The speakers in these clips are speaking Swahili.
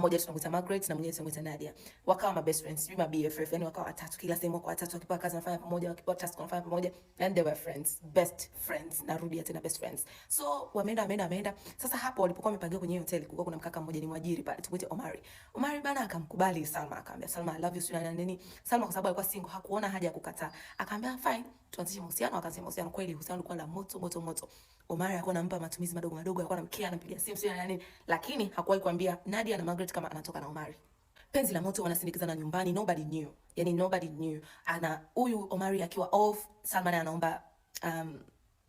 mmoja tunamuita Margaret na mwingine tunamuita Nadia. Wakawa ma best friends, ma BFF, yani wakawa watatu, kila sehemu kwa watatu, wakipewa kazi wanafanya pamoja, wakipewa task wanafanya pamoja, and they were friends, best friends, narudia tena best friends. So wameenda wameenda wameenda. Sasa hapo walipokuwa wamepangiwa kwenye hoteli, kulikuwa kuna mkaka mmoja ni mwajiri pale, tumuite Omari. Omari bana akamkubali Salma, akamwambia Salma I love you sana na nini. Salma kwa sababu alikuwa single, hakuona haja ya kukataa. Akamwambia fine, tuanzishe mahusiano, Akaanzisha mahusiano. Kweli uhusiano ulikuwa la moto moto moto. Omari alikuwa anampa matumizi madogo madogo, alikuwa anamkea, anampigia simu sio na nini, lakini hakuwahi kuambia Nadia na Margaret comment kama anatoka na Omari. Penzi la moto wanasindikizana nyumbani, nobody knew. Yani nobody knew. Ana huyu Omari akiwa off, Salman anaomba um,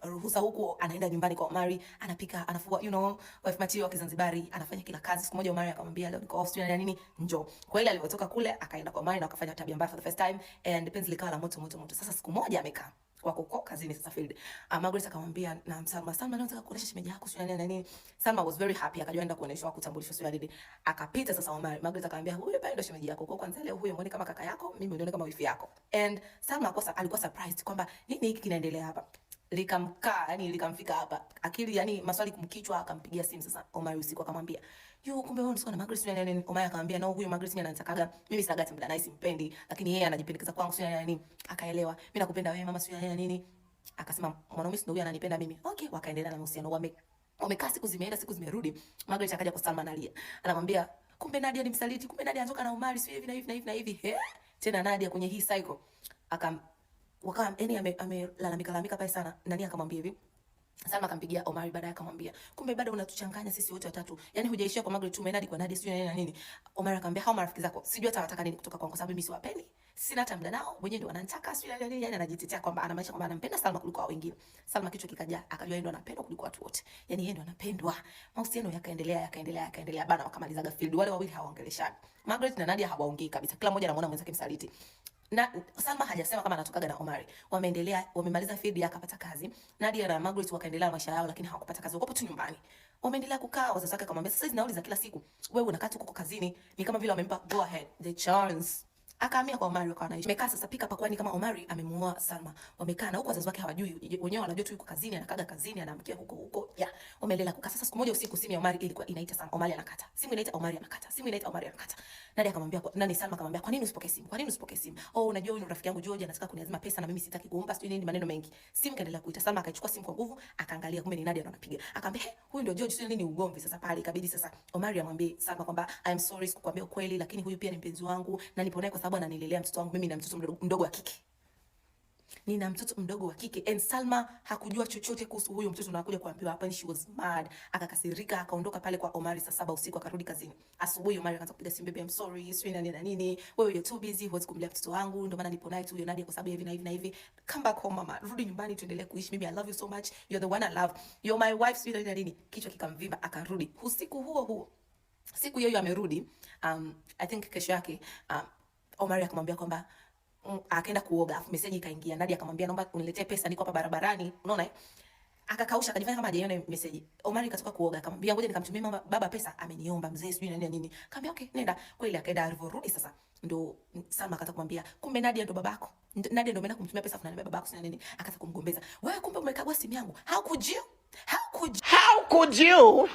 ruhusa huku anaenda nyumbani kwa Omari, anapika, anafua, you know, wife material wa Kizanzibari, anafanya kila kazi. Siku moja Omari akamwambia leo niko off studio na nini, njoo. Kwa ile alipotoka kule akaenda kwa Omari na akafanya tabia mbaya for the first time and penzi likawa la moto moto moto. Sasa siku moja amekaa wako kwa kazini sasa field. Uh, Margaret akamwambia na Salma, Salma leo nataka kuonesha shemeji yako sio nani. nini. Salma was very happy akajua anaenda kuonesha wako kutambulisha sio nani. Akapita sasa Omar. Margaret akamwambia huyo pale ndio shemeji yako. Kwa kwanza leo huyo mwone kama kaka yako, mimi ndio kama wifi yako. And Salma alikuwa alikuwa surprised kwamba nini hiki kinaendelea hapa likamkaa yani likamfika hapa akili yani maswali kumkichwa, akampigia simu sasa Omari usiku akamwambia, "Yo, kumbe wewe unasoma na Margaret na nani?" Omari akamwambia, "No, huyo Margaret ni anatakaga Mimi sagati mdada nice mpendi, lakini yeye anajipendekeza kwangu sio nani." Akaelewa. Mimi nakupenda wewe mama sio nani nini. Akasema, "Mwanaume sio huyo ananipenda mimi." Okay, wakaendelea na mahusiano wame wamekaa siku zimeenda siku zimerudi. Margaret akaja kwa Salma analia. Anamwambia, "Kumbe Nadia ni msaliti, kumbe Nadia anatoka na Omari sio hivi na hivi na hivi na hivi." He? Tena Nadia kwenye hii cycle akam wakawa yani amelalamika lalamika pale sana, nani akamwambia hivi Salma akampigia Omari baadaye akamwambia, kumbe bado unatuchanganya sisi wote watatu. Yaani hujaishia kwa Margaret tu umeenda kwa Nadia sio na nini. Omari akamwambia, hao marafiki zako sijui hata wanataka nini kutoka kwangu sababu mimi siwapendi. Sina hata muda nao, wenyewe ndio wananitaka sio na nini. Yaani anajitetea kwamba ana maisha kwamba anampenda Salma kuliko wao wengine. Salma kichwa kikaja, akajua yeye ndo anapendwa kuliko watu wote. Yaani yeye ndo anapendwa. Mahusiano yakaendelea yakaendelea yakaendelea bana wakamalizaga field. Wale wawili hawaongeleshani. Margaret na Nadia hawaongei kabisa. Kila mmoja anamwona mwenzake msaliti na Salma hajasema kama anatokaga na Omari. Wameendelea, wamemaliza field ya akapata kazi. Nadia na Margaret wakaendelea na maisha yao, lakini hawakupata kazi. Wakapo tu nyumbani. Wameendelea kukaa, wazazi wake akamwambia, sasa hizi nauli za kila siku. Wewe unakaa tu huko kazini. Ni kama vile wamempa go ahead the chance. Akaamia kwa Omari wakawa anaishi. Wamekaa sasa pika pakwani kama Omari amemuoa Salma. Wamekaa na huko wazazi wake hawajui. Wenyewe wanajua tu yuko kazini, anakaga kazini, anaamkia huko huko. Ya. Wameendelea kukaa. Sasa siku moja usiku simu ya Omari ilikuwa inaita sana. Omari anakata. Simu inaita Omari anakata. Simu inaita Omari anakata. Nani akamwambia nani, Salma akamwambia kwa nini usipokee simu? Kwa nini usipokee simu? Oh, unajua huyu rafiki yangu George anataka kuniazima pesa na mimi sitaki kumpa, sijui nini, maneno mengi. Simu kaendelea kuita. Salma akaichukua simu kwa nguvu, akaangalia kumbe ni Nadia anapiga. Akamwambia, hey, huyu ndio George, sio nini ugomvi sasa pale." Ikabidi sasa Omari amwambie Salma kwamba I am sorry sikukwambia ukweli, lakini huyu pia ni mpenzi wangu na nipo naye kwa sababu ananilelea mtoto wangu mimi na mtoto mdogo wa kike nina mtoto mdogo wa kike and Salma hakujua chochote kuhusu huyo mtoto, nakuja kuambiwa hapa. She was mad, akakasirika, akaondoka pale kwa Omari saa saba usiku, akarudi kazini. Asubuhi Omari akaanza kupiga simu, baby I'm sorry, sio nani na nini, wewe you're too busy, huwezi kumlea mtoto wangu, ndio maana nipo naye tu huyo Nadia kwa sababu hivi na hivi na hivi. Come back home mama, rudi nyumbani tuendelee kuishi, mimi I love you so much, you're the one I love, you're my wife, sio nani na nini. Kichwa kikamvimba, akarudi usiku huo huo, siku hiyo amerudi. Um, I think kesho yake um, Omari akamwambia kwamba Mm, akaenda kuoga, afu meseji ikaingia. Nadia akamwambia naomba uniletee pesa, niko hapa barabarani, unaona eh? akakausha akajifanya kama hajaiona message. Omari katoka kuoga akamwambia ngoja nikamtumie mama baba pesa ameniomba mzee sijui nani nini. Akamwambia okay nenda. Kweli akaenda alivyorudi sasa ndo Salma akataka kumwambia kumbe Nadia ndo babako. Nadia ndo ameenda kumtumia pesa fulani babako sina nini. Akaanza kumgombeza. Wewe kumbe umekagua simu yangu. How could you? How could you? How could you?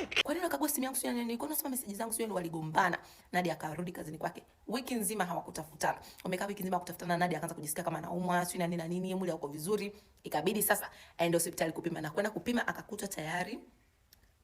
Kwa nini akagua simu yangu sio nini? Kwa nini unasema message zangu sio nini? Waligombana. Nadia akarudi kazini kwake. Wiki nzima hawakutafutana. Wamekaa wiki nzima kutafutana, Nadia akaanza kujisikia kama anaumwa, sio nini na nini, mwili hauko vizuri. Ikabidi sasa aende hospitali kupima na kwenda kupima akakuta tayari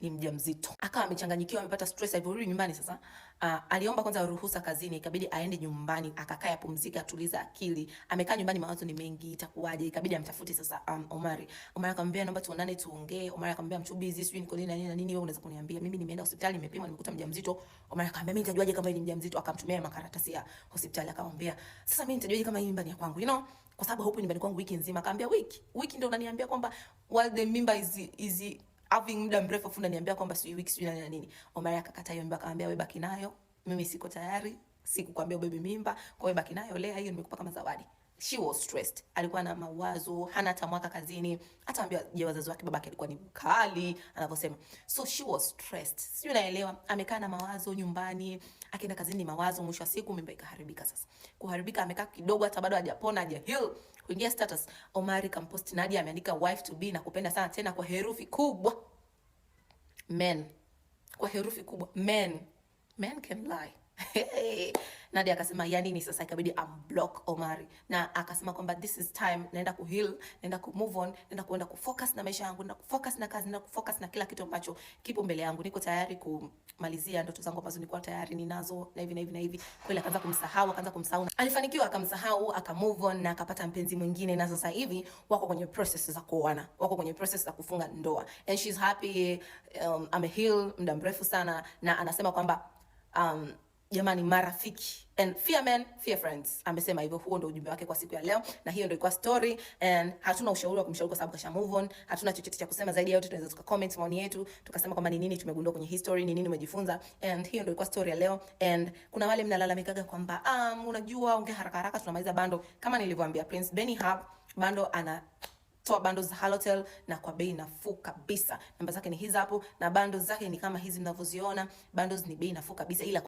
ni mjamzito, akawa amechanganyikiwa, amepata stress, alivyorudi nyumbani sasa. Uh, aliomba kwanza ruhusa kazini, ikabidi aende nyumbani akakae apumzike, atuliza akili. Amekaa nyumbani, mawazo ni mengi, itakuwaje? Ikabidi amtafute sasa um, Omari. Omari akamwambia naomba tuonane, tuongee. Omari akamwambia mchu busy, sijui niko nini na nini na nini, wewe unaweza kuniambia? Mimi nimeenda hospitali, nimepima, nimekuta mjamzito. Omari akamwambia mimi nitajuaje kama ni mjamzito? Akamtumia makaratasi ya hospitali, akamwambia sasa mimi nitajuaje kama hii mimba ni ya kwangu, you know kwa sababu haupo nyumbani kwangu wiki nzima. Akamwambia wiki wiki ndio unaniambia kwamba while the mimba is is Alvin muda mrefu afu ananiambia kwamba sijui wiki sijui nani na nini. Omari akakata hiyo mimba akamwambia wewe baki nayo. Mimi siko tayari, sikukwambia ubebe mimba, kwa hiyo baki nayo lea hiyo nimekupa kama zawadi she was stressed, alikuwa na mawazo, hana hata mwaka kazini, hata ambia je, wazazi wake, babake alikuwa ni mkali anavyosema, so she was stressed. Sio, naelewa, amekaa na mawazo nyumbani, akienda kazini, mawazo, mwisho wa siku mimba ikaharibika. Sasa kuharibika, amekaa kidogo, hata bado hajapona, haja heal. Kuingia status, Omari kampost Nadia, ameandika wife to be na kupenda sana, tena kwa herufi kubwa men, kwa herufi kubwa men, men can lie Hey, Nadia akasema ya nini sasa, ikabidi amblock Omari na akasema kwamba this is time, naenda ku heal, naenda ku move on, naenda kuenda ku focus na maisha yangu, naenda focus na kazi, naenda focus na kila kitu ambacho kipo mbele yangu. Niko tayari kumalizia ndoto zangu ambazo nilikuwa tayari ninazo na hivi na hivi na hivi. Kweli akaanza kumsahau, akaanza kumsahau, alifanikiwa akamsahau, aka move on na akapata mpenzi mwingine, na sasa hivi wako kwenye process za kuoana, wako kwenye process za kufunga ndoa and she's happy. Um, ame heal muda mrefu sana na anasema kwamba um, Jamani marafiki, and fear men fear friends, amesema hivyo. Huo ndio ujumbe wake kwa siku ya leo, na hiyo ndio ilikuwa story, and hatuna ushauri wa kumshauri kwa sababu kasha move on. Hatuna chochote cha kusema zaidi ya yote, tunaweza tuka comment maoni yetu, tukasema kwamba ni nini tumegundua kwenye history, ni nini umejifunza, and hiyo ndio ilikuwa story ya leo. And kuna wale mnalalamikaga kwamba um, unajua unge haraka haraka, tunamaliza bando. Kama nilivyoambia Prince Benny Hub bando ana toa bando za Halotel na kwa bei nafuu kabisa. Namba zake ni hizi hapo, na bando zake ni kama hizi mnavyoziona. bando ni bei nafuu kabisa ila